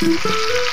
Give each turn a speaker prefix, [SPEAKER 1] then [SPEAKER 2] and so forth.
[SPEAKER 1] Música